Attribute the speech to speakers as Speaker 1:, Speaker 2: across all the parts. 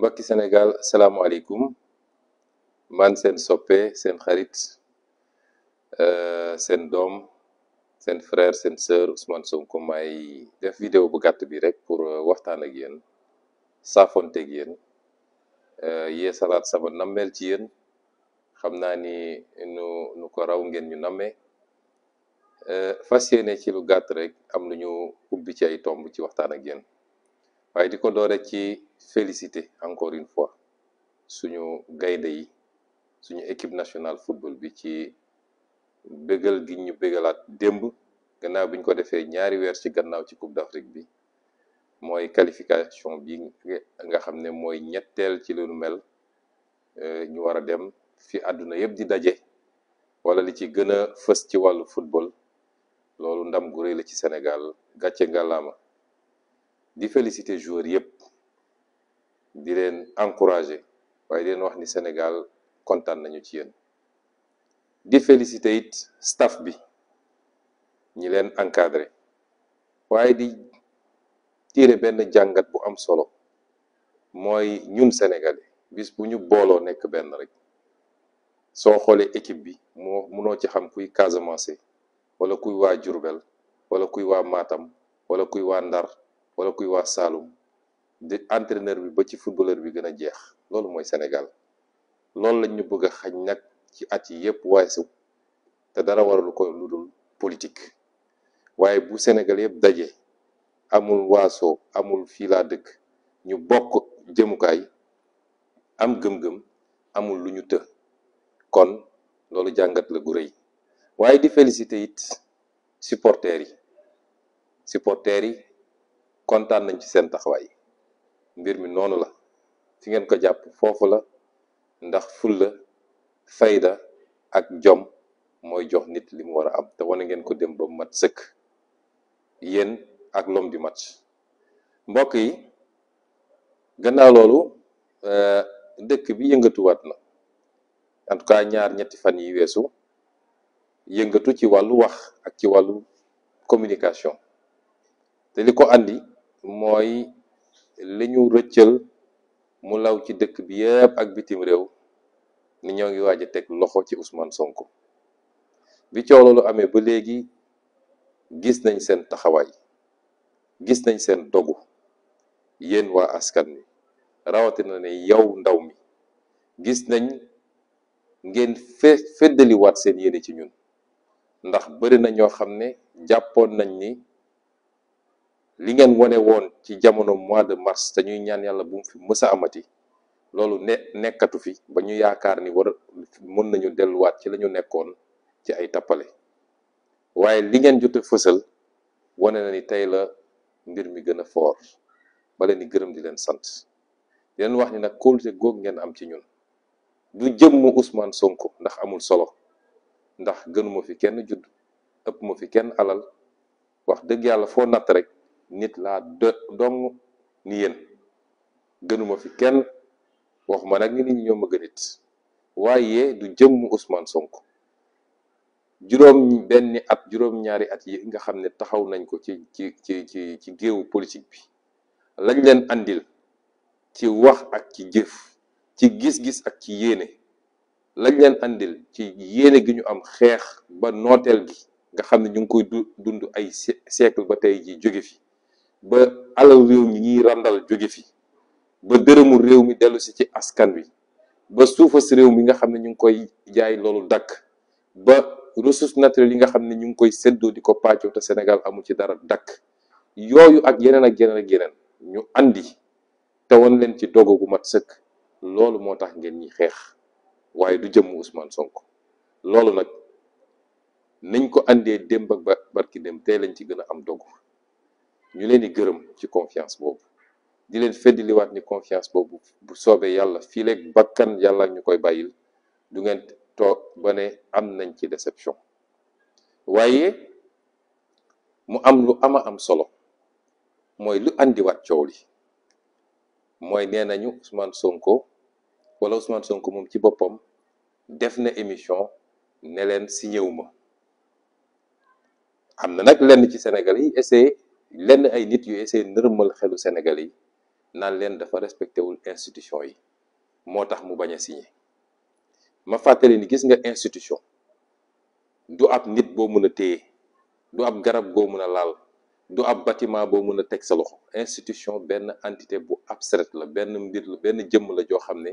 Speaker 1: mbokki salam salaamualeykum man sen soppe sen xarit eh, sen dom sen frère sen sœur Ousmane Sonko may def video bu gàtt bi rek pour eh, waxtaan ak yéen saafonteeg euh yé salat sama nammeel ci yéen xam ni nu nu ko raw ngeen ñu nammee eh, fas yéene ci lu rek am lu ñu ubbi ci ay tomb ci waaye di ko doore ci félicité encore une fois suñu gaynde yi suñu équipe nationale football bi ci bégal gi ñu bégalaat démb gannaaw bi ñu ko defee ñaari weer ci gannaaw ci coupe d'Afrique bi mooy qualification bi nga xam ne mooy ñetteel ci lu mel euh, ñu war a dem fi àdduna yëpp di daje wala li ci gën a fës ci wàllu football loolu ndam gu rëy la ci Sénégal gàcce ngàllaama di féliciter joueurs yépp di leen encourager waaye di leen wax ni Sénégal kontaan nañu ci yéen di féliciter it staff bi ñi leen encadré waaye di tiire benn jàngat bu am solo mooy ñun sénégalais bis bu ñu booloo nekk benn rek soo xoolee équipe bi moo munoo ci xam kuy Casamance wala kuy waa wala kuy waa Matam wala kuy waa Ndar wala kuy wax Saloum di entraîneur bi ba ci footballeur bi gën a jeex loolu mooy senegal loolu lañ ñu bëgg a xañ nag ci at yi yëpp weesu te dara waralu ko lu dul politique waaye bu Sénégal yëpp daje amul waasoo amul fii laa dëkk ñu bokk jëmukaay am gëm-gëm amul lu ñu të kon loolu jàngat la gu rëy waaye di félicité it supporters yi supporters yi kontaan nañ ci seen taxawaay mbir mi noonu la fi ngeen ko jàpp foofu la ndax fulla fayda ak jom mooy jox nit li mu war a am te wane ngeen ko dem ba mat sëkk yéen ak lom di mat mbokk yi gannaaw loolu euh, dëkk bi yëngatuwaat na en tout cas ñaar ñetti fan yi weesu yëngatu ci wàllu wax ak ci wàllu communication te li andi mooy li ñu rëccal mu law ci dëkk bi yëpp ak bitim réew ni ñoo ngi waaj a teg loxo ci Ousmane Sonko bi coow loolu amee ba léegi gis nañ seen taxawaay gis nañ seen dogu yéen waa askan wi rawatina ne yow ndaw mi gis nañ ngeen fe feddaliwaat seen yéene ci ñun ndax bëri na ñoo xam ne jàppoon nañ ni li ngeen woné won ci jamono mois de mars té ñuy ñaan yalla bu fi mësa amati lolu nekkatu fi ba ñu yaakar ni war mën nañu wat ci lañu nekkon ci ay tapalé waye li ngeen jote fessel woné na ni tay la mbir mi gëna for ba leen di gërëm di leen sant di leen wax ni nak gog ngeen am ci ñun du jëmm Ousmane Sonko ndax amul solo ndax gënuma fi kenn judd ëpp fi kenn alal wax dëgg yàlla foo natt rek nit laa dong ni yeen geunuma fi kenn waxuma nak ni nit ñi ma du jëmm Ousmane Sonko jurom benn at jurom ñaari at yi nga xamne ne taxaw nañ ko ci ci ci ci geewu politique bi lañ leen andil ci wax ak ci jëf ci gis-gis ak ci yene lañ leen andil ci yene gi ñu am xex ba notel gi nga xamne ñu ngi koy dund ay siècle ba tay ji joge fi ba alaw rew mi ñi randal joge fi ba dërëmu rew mi delu si ci askan wi ba ci rew mi nga xamne ñu koy jaay loolu dak ba ressources naturelles yi nga xamne ñu koy seddo di ko ta Senegal amu ci dara dak yoyu ak yenen ak yenen ak yenen ñu andi te won len ci dogo gu mat sëkk loolu motax ngeen ñi xex waye du jëm Ousmane Sonko loolu nak niñ ko andee démb barki dem tey lañ ci gëna am dogo ñu leen di gërëm ci confiance boobu di leen feddi wat ni confiance boobu bu soobee yàlla fii bakkan yàlla ñu koy bàyyil du ngeen toog ba ne am nañ ci déception waaye mu am lu ama am solo mooy lu andiwaat wat li mooy nee nañu Ousmane Sonko wala Ousmane Sonko moom ci boppam def na émission ne leen si ñëw ma am na nag lenn ci Sénégal yi essayé lenn ay nit yu essayé nërmal xelu Sénégalais yi naan leen dafa respecté wul institution yi moo tax mu bañ a signé ma fàttali ni gis nga institution du ab nit boo mën a téye du ab garab goo mën a laal du ab bâtiment boo mën a teg sa loxo institution benn entité bu ab abstraite la benn mbir la benn jëmm la joo xam ne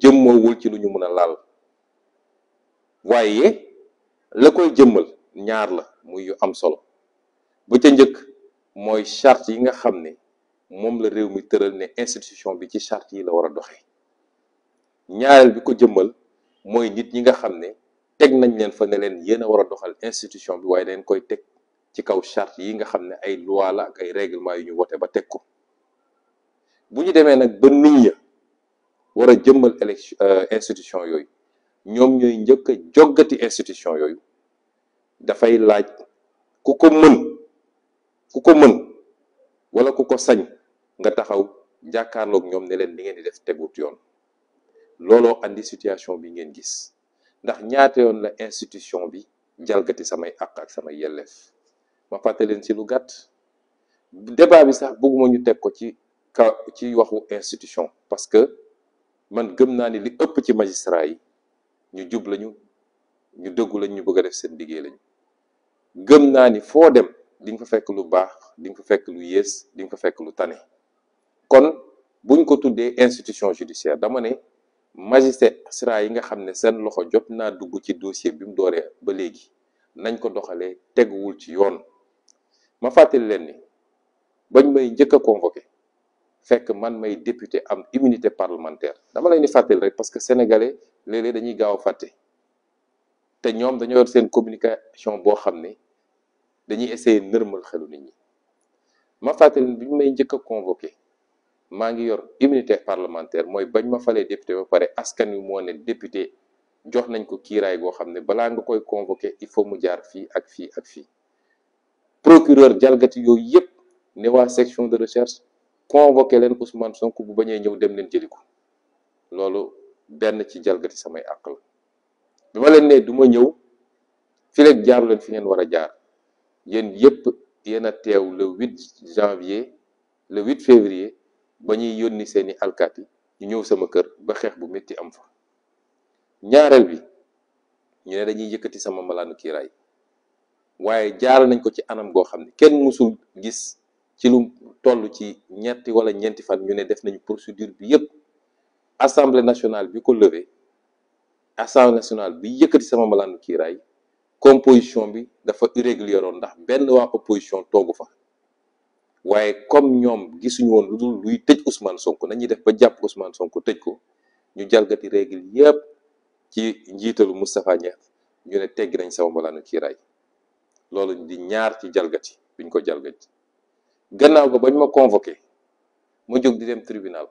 Speaker 1: jëmmoowul ci lu ñu mën a laal waaye la koy jëmmal ñaar la muy yu am solo bu ca njëkk. mooy charte yi nga xam ne moom la réew mi tëral ne institution bi ci charte yi la war a doxe ñaareel bi ko jëmmal mooy nit ñi nga xam ne teg nañ leen fa ne leen yéen a war a doxal institution bi waaye dañ koy teg ci kaw charte yi nga xam ne ay loi la ak ay règlement yu ñu wote ba teg ko bu ñu demee nag ba nit ña war a jëmmal élection euh, institution yooyu ñoom ñooy njëkk a joggati institution yooyu dafay laaj ku ko mën kuko mën wala kuko sañ nga taxaw jàkkaarloog ñoom ne leen ni ngeen di def tegut yoon looloo andi situation bi ngeen gis ndax ñaata yoon la institution bi jalgati samay àq ak samay yelleef ma fàtte leen ci lu gàtt débat bi sax bëgguma ñu teg ko ci ka ci waxu institution parce que man gëm naa ni li ëpp ci magistrat yi ñu jub lañu ñu dëggu lañ bëgg def seen liggéey lañu gëm naa ni foo dem di nga fa fekk lu baax di nga fa fekk lu yées di nga fa fekk lu tane kon buñ ko tuddee institution judiciaire dama ne magistrat yi nga xam ne seen loxo jot naa dugg ci dossier bi mu dooree ba léegi nañ ko doxalee teguwul ci yoon ma fàttali leen ni bañ may njëkk a convoqué fekk man may député am immunité parlementaire dama leen di fàttali rek parce que sénégalais léeg-léeg dañuy gaaw a fàtte te ñoom dañoo yor seen communication boo xam ne dañuy essayer nërmal xelu nit ñi ma fàttali bi ñu may njëkk a convoqué maa ngi yor immunité parlementaire mooy bañ ma falee député ba pare askan wi moo ne député jox nañ ko kiiraay goo xam ne balaa nga koy convoqué il faut mu jaar fii ak fii ak fii procureur jalgati yooyu yëpp ne waa section de recherche convoqué leen Ousmane sonk bu bañee ñëw dem leen jëli loolu benn ci jalgati samay àq la ma leen ne du ma ñëw fileeg jaaru fi ngeen war a jaar yen yep yena a le 8 janvier le 8 février ba ñuy yónni seeni alkaati ñu ñew sama kër ba xex bu metti am fa ñaareel bi ñu ne dañuy yëkëti sama malaanu kiray waye jaar nañ ko ci anam go xamni kenn musul gis ci lu tollu ci ñetti wala ñenti fan ñu ne def nañ procédure bi yëpp assemblée nationale bi ko levé assemblée nationale bi yëkëti sama malaanu kiray composition bi dafa irrégulier ndax benn waa opposition toogu fa waaye comme ñoom gisuñu woon lu dul luy tëj Ousmane Sonko nañuy def ba jàpp Ousmane Sonko tëj ko ñu jalgati règle yépp ci njiitalu Moustapha Niasse ñu ne teggi nañ sama mbalaanu kiiraay loolu di ñaar ci jalgati buñ ko jalgati gannaaw ga bañ ma convoqué ma jóg di dem tribunal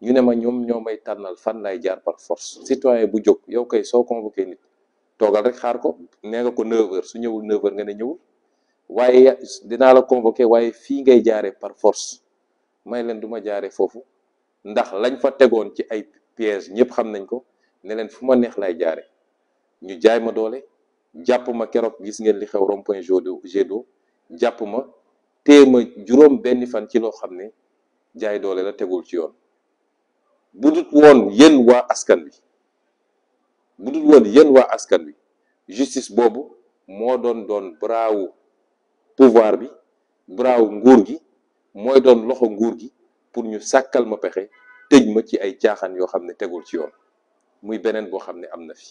Speaker 1: ñu ne ma ñoom ñoo may tànnal fan laay jaar par force citoyen bu jog yow kay soo convoqué nit toogal rek xaar ko nee nga ko 9h su ñëwul 9h nga ne ñëwul waaye dinaa la convoqué waaye fii ngay jaaree par force may leen du ma jaaree foofu ndax lañ fa tegoon ci ay piège ñëpp xam nañ ko ne leen fu ma neex lay jaare ñu jaay ma doole jàpp ma keroog gis ngeen li xew rond point Jet d'eau jàpp ma téye ma juróom benn fan ci loo xam ne jaay doole la tegul ci yoon budut woon yéen waa askan bi budul won woon wa askan bi justice bobu mo doon doon braawu pouvoir bi braawu nguur gi moy doon loxo nguur gi pour ñu sakal ma pexé tëj ma ci ay tiaxan yo xamné tégul ci yoon muy benen bo xamné amna fi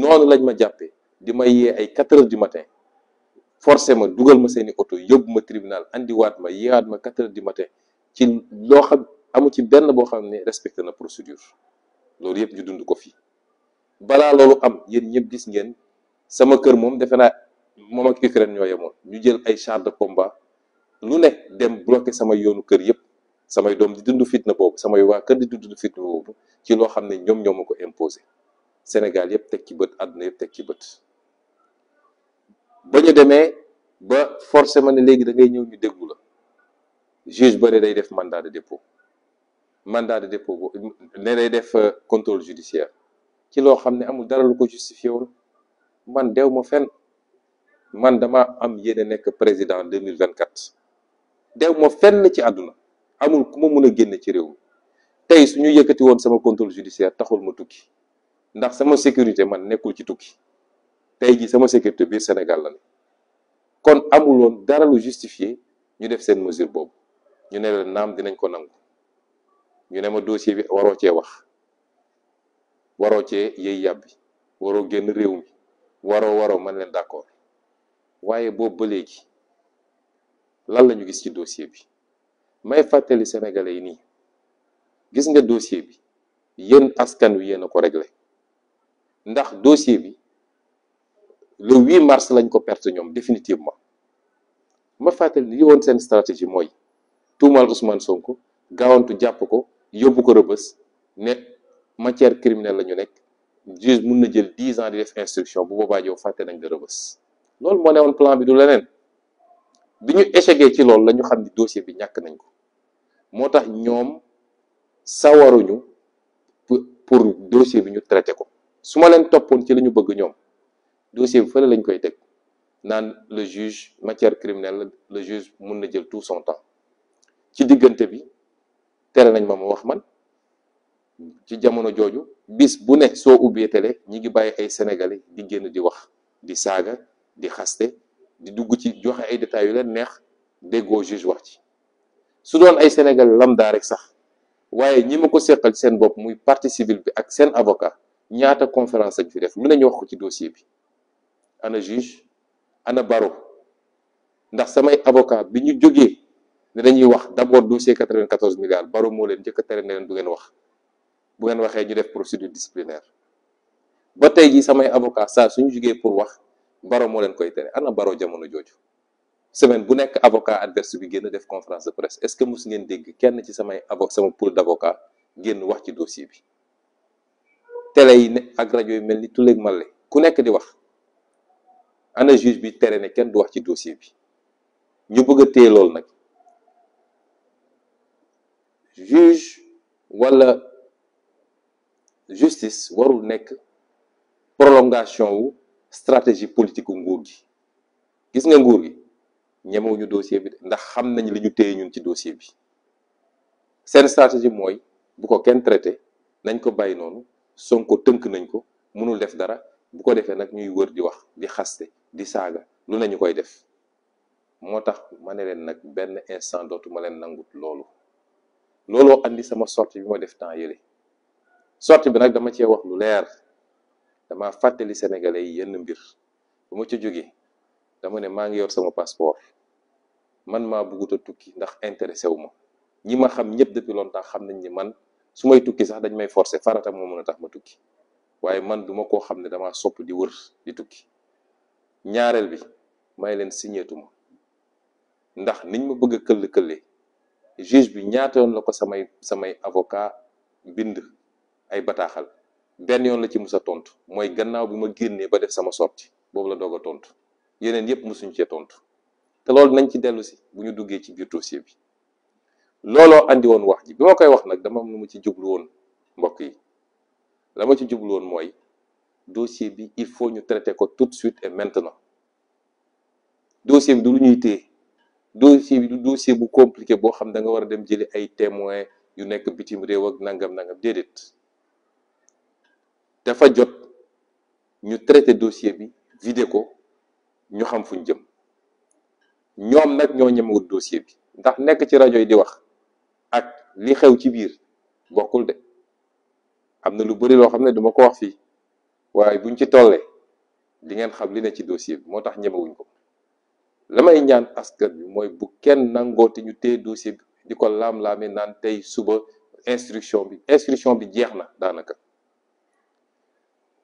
Speaker 1: nonu lañ ma jappé di ma yee ay 4h du matin forcé ma duggal ma seeni auto yóbbu ma tribunal andiwaat ma yeewaat ma 4h du matin ci lo xam amu ci benn boo xam ne respecté na procédure loolu yëpp ñu dund ko fi balaa loolu am yéen ñëpp gis ngeen sama kër moom defe naa moom ak Ukraine ñoo yemoon ñu jël ay char de pomba lu ne dem bloqué sama yoonu kër yëpp samay doom di dund fitna boobu samay waa kër di dundu fitna boobu ci loo xam ne ñoom ñoo ko imposé Sénégal yëpp teg ci bët àdduna yëpp teg ci bët ba ñu demee ba forcé ma ne léegi da ngay ñëw ñu déglu la juge ba ne day def mandat de dépôt mandat de dépôt ne day def euh, contrôle judiciaire ci loo xam ne amul dara lu ko justifié wul man dew ma fenn man dama am yéene nekk président deux mille vingt quatre dew ma fenn ci àdduna amul ku ma mun a génn ci réew mi tey su ñu yëkkati woon sama contrôle judiciaire taxul ma tukki ndax sama sécurité man nekkul ci tukki tey ji sama sécurité biir Sénégal la ne kon amul woon dara lu justifié ñu def seen mesure boobu ñu ne la naam dinañ ko nangu ñu ne ma dossier bi waroo cee wax. waroo cee yëy yàbbi waroo génn réew mi waroo waroo man leen d'accord waaye boobu ba léegi lan la ñu gis ci dossier bi may fàttali sénégalais yi nii gis nga dossier bi yéen askan wi yéen a ko réglé ndax dossier bi le 8 mars lañ ko perte ñoom définitivement ma fàttali li woon seen stratégie mooy tuumaal Ousmane Sonko gaawantu jàpp ko yóbbu ko rëbës ne. matière criminelle la ñu nekk juge mun na jël dix ans di def instruction bu boobaa yow fàtte nañ la rëbës loolu moo newoon plan bi du leneen bi ñu échecgé ci loolu lañu ñu xam ni dossier bi ñàkk nañ ko moo tax ñoom sawaruñu pour dossier bi ñu traité ko su ma leen toppoon ci la ñu bëgg ñoom dossier bi fële lañ koy teg naan le juge matière criminelle le juge mun na jël tout son temps ci diggante bi tere nañ ma ma wax man ci jamono jooju bis bu ne soo ubbee tele ñi ngi bàyyi ay sénégalais di génn di wax di saaga di xaste di dugg ci joxe ay détails yu leen neex déggoo juge wax ci su doon ay sénégalais lambda rek sax waaye ñi ma ko seqal seen bopp muy parti civile bi ak seen avocat ñaata conférence lañ fi def lu ne ñu wax ko ci dossier bi ana juge ana baro ndax samay avocat bi ñu jógee ne dañuy wax d'abord dossier 94 milliards baro moo leen njëkk tere ne leen du ngeen wax bu ngeen waxee ñu def procédure disciplinaire ba tey jii samay avocat saa suñu jugee pour wax baro moo leen koy tere ana baro jamono jooju semaine bu nekk avocat adverse bi génn def conférence de presse est-ce que mos ngeen dégg kenn ci samay avocat sama pool d'avocat génn wax ci dossier bi télé yi ak rajo yi mel ni tuleeg male ku nekk di wax ana juge bi tere ne kenn du wax ci dossier bi ñu bëgg a téye loolu nag juge wala justice warul nekk prolongation wu stratégie politique nguur gi gis nga nguur gi ñemewuñu dossier bi ndax xam nañ li ñu téye ñun ci dossier bi seen stratégie mooy bu ko kenn traité nañ ko bàyyi noonu Sonko tënk nañ ko mënul def dara bu ko defee nag ñuy wër di wax di xaste di saaga lu nañu koy def moo tax ma ne leen nag benn instant dootu ma leen nangut loolu looloo indi sama sortie bi ma def temps yële sorti bi nag dama cee wax lu leer dama fàttali sénégalais yi yenn mbir bu ma ci jógee dama ne maa ngi yor sama passeport man maa buggut a tukki ndax intéressé wu ma ñi ma xam ñëpp depuis longtemps xam nañ ni man su may tukki sax dañ may forcer farata moo mën a tax ma tukki waaye man duma koo xam ne dama sopp di wër di tukki ñaareel bi may leen signéetuma ndax niñ ma bëgg a këll këlle juge bi ñaata la ko samay samay avocat bind ay bataaxal benn yoon la ci musa tontu mooy gannaaw bi ma génnee ba def sama sorti boobu la doog a tontu yeneen yëpp musuñ cee tontu te loolu nañ ci dellusi bu ñu duggee ci biir dossier bi looloo indi woon wax ji bi ma koy wax nag dama am ci jublu woon mbokk yi la ma ci jublu woon mooy dossier bi il faut ñu traiter ko tout de suite et maintenant dossier bi du lu ñuy téye dossier bi du dossier bu compliqué boo xam da nga war a dem jëli ay témoins yu nekk bitim réew ak nangam nangam déedéet. dafa jot ñu traité dossier bi vidé ko ñu xam fuñ jëm ñoom nag ñoo ñemewut dossier bi ndax nekk ci rajo yi di wax ak li xew ci biir bokkul de am na lu bëri loo xam ne duma ko wax fii waaye buñ ci tollee di ngeen xam li ne ci dossier bi moo tax ñemewuñ ko la may ñaan askan bi mooy bu kenn nangooti ñu téye dossier bi di ko laam-laamee naan tey suba instruction bi instruction bi jeex na daanaka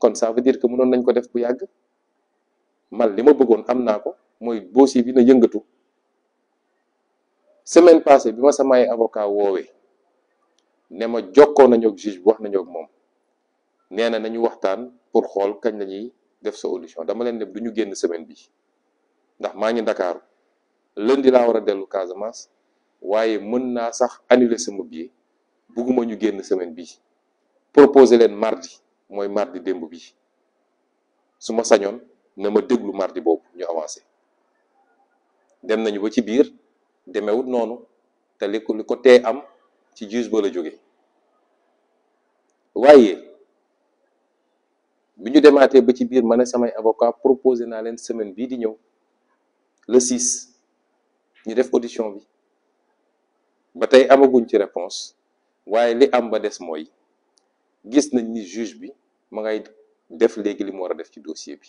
Speaker 1: kon ça veut dire que mënoon nañ ko def bu yàgg man li ma bëggoon am naa ko mooy dossier bi na yëngatu semaine passée bi ma samay avocat woowee ne ma jokkoo nañu ak juge bi wax nañu ak moom nee na nañu waxtaan pour xool kañ la ñuy def sa audition dama leen ne du ñu génn semaine bi ndax maa ngi ndakaaru lundi laa war a dellu Casamance waaye mën naa sax annuler sama billet bugguma ñu génn semaine bi proposer leen mardi moy mardi démb bi suma ma sañoon na ma déglu mardi bobu ñu avancer dem nañu ba ci bir demewut nonu te li liko té am ci jus bo la jóge wayé bi ñu demaatee ba ci bir ma ne samay avocat proposé na leen semaine bi di ñëw le 6 ñu def audition bi ba tay amaguñ ci réponse waaye li am ba des moy gis nañ ni juge bi ma ngay def léegi li mu war a def ci dossier bi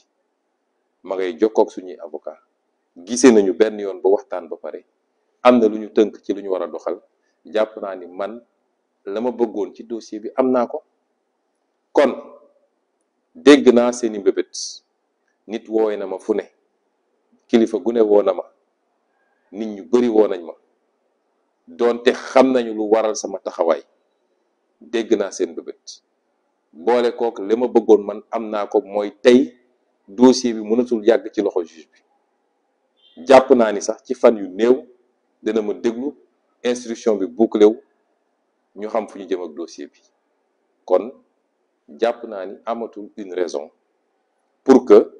Speaker 1: ma ngay jokkoog suñuy avocat gisee nañu benn yoon ba waxtaan ba pare am na lu ñu tënk ci lu ñu war a doxal jàpp naa ni man la ma bëggoon ci dossier bi am naa ko kon dégg naa seeni mbébét nit wooy na ma fu ne kilifa gu ne woo na ma nit ñu bari woo nañ ma doonte xam nañu lu waral sama taxawaay dégg naa seen bébét boole kook li ma bëggoon man am naa ko mooy tey dossier bi mënatul yàgg ci loxo juge bi jàpp naa ni sax ci fan yu néew dina ma déglu instruction bi bouclé wu ñu xam fu ñu jëm ak dossier bi kon jàpp naa ni amatul une raison pour que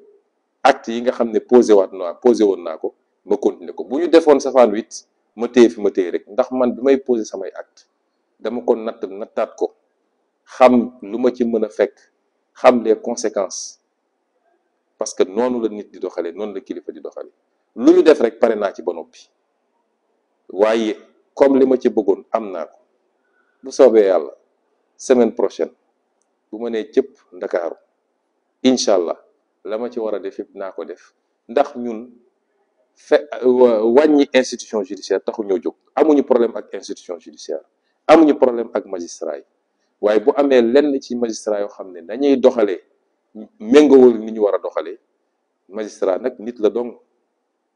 Speaker 1: acte yi nga xam ne posé waat naa posé woon naa ko ma continuer ko bu ñu defoon safaan wit ma téye fi ma téye rek ndax man bi may posé samay acte dama ko natt nattaat ko xam lu ma ci mën a fekk xam les conséquences parce que noonu la nit di doxale noonu la kilifa di doxale lu ñu def rek pare naa ci ba noppi waaye comme li ma ci bëggoon am naa ko bu soobee yàlla semaine prochaine bu ma nee cëpp ndakaaru incha allah la ma ci war a def yëpp naa ko def ndax ñun fe wàññi institution judiciaire taxu ñoo jóg amuñu problème ak institution judiciaire am ñu problème ak magistrat yi waaye bu amee lenn ci magistrat yoo xam ne dañuy doxalee méngowul ni ñu war a doxalee magistrat nag nit la dong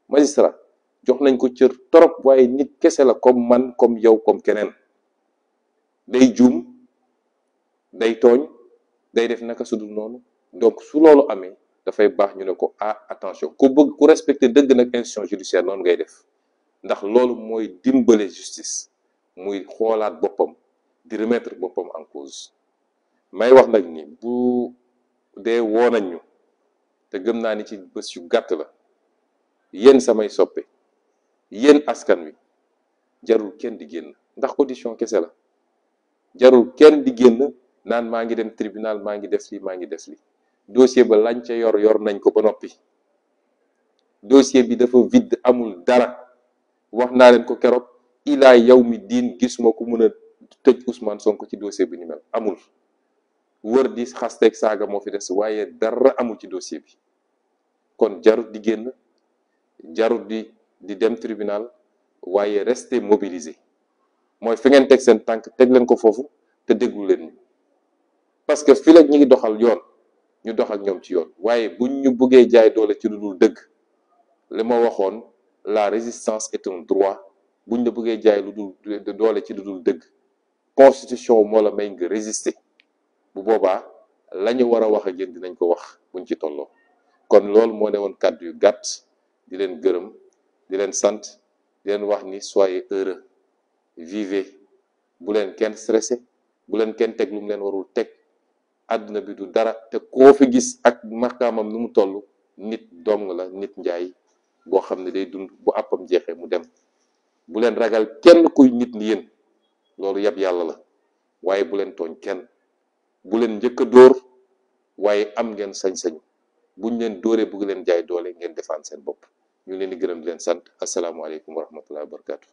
Speaker 1: magistrat jox nañ ko cër torop waaye nit kese la comme man comme yow comme keneen day juum day tooñ day def naka sudul noonu donc su loolu amee dafay baax ñu ne ko ah attention ku bëgg ku respecter dëgg nag institution judiciaire noonu ngay def ndax loolu mooy dimbale justice muy xoolaat boppam di remettre boppam en cause may wax nag ni bu dee woo nañ ñu te gëm naa ni ci bés yu gàtt la yéen samay soppe yéen askan wi jarul kenn di génn ndax audition kese la jarul kenn di génn naan maa ngi dem tribunal maa ngi def li maa ngi def li dossier ba lañ ca yor yor nañ ko ba noppi dossier bi dafa vide amul dara wax naa leen ko keroog Il gis a Ousmane Sonko ci dossier bi ni mel amul wër di saga mo fi des waye dara amul ci dossier bi kon jarut di genn jarut di di dem tribunal waye rester mobilisé moy fi ngeen tek sen tank len ko fofu te deglu len parce que fi la ñi doxal yoon ñu doxal ñom ci yoon waye buñ ñu jaay doole ci lu la résistance est un droit bu buñ la bëggee jaay lu dul doole ci lu dul dëgg constitution moo la may nga résister bu boobaa la ñu war a wax ak yéen dinañ ko wax buñ ci tolloo kon loolu moo ne woon kàddu yu gàtt di leen gërëm di leen sant di wax ni soyez heureux vivez bu leen kenn stressé bu leen kenn teg lu mu leen warul teg àdduna bi du dara te koo fi gis ak maqaamam nu mu toll nit dong la nit njaay boo xam ne day dund bu àppam jeexee mu dem bu leen ragal kenn kuy nit ni yéen loolu yab yàlla la waaye bu leen tooñ kenn bu leen njëkk a dóor waaye am ngeen sañ-sañ bu ñu leen dóoree bugg leen jaay doole ngeen defaan seen bopp ñu leen di gërëm di leen sant asalaamualeykum wa rahmatullahi wa barakatu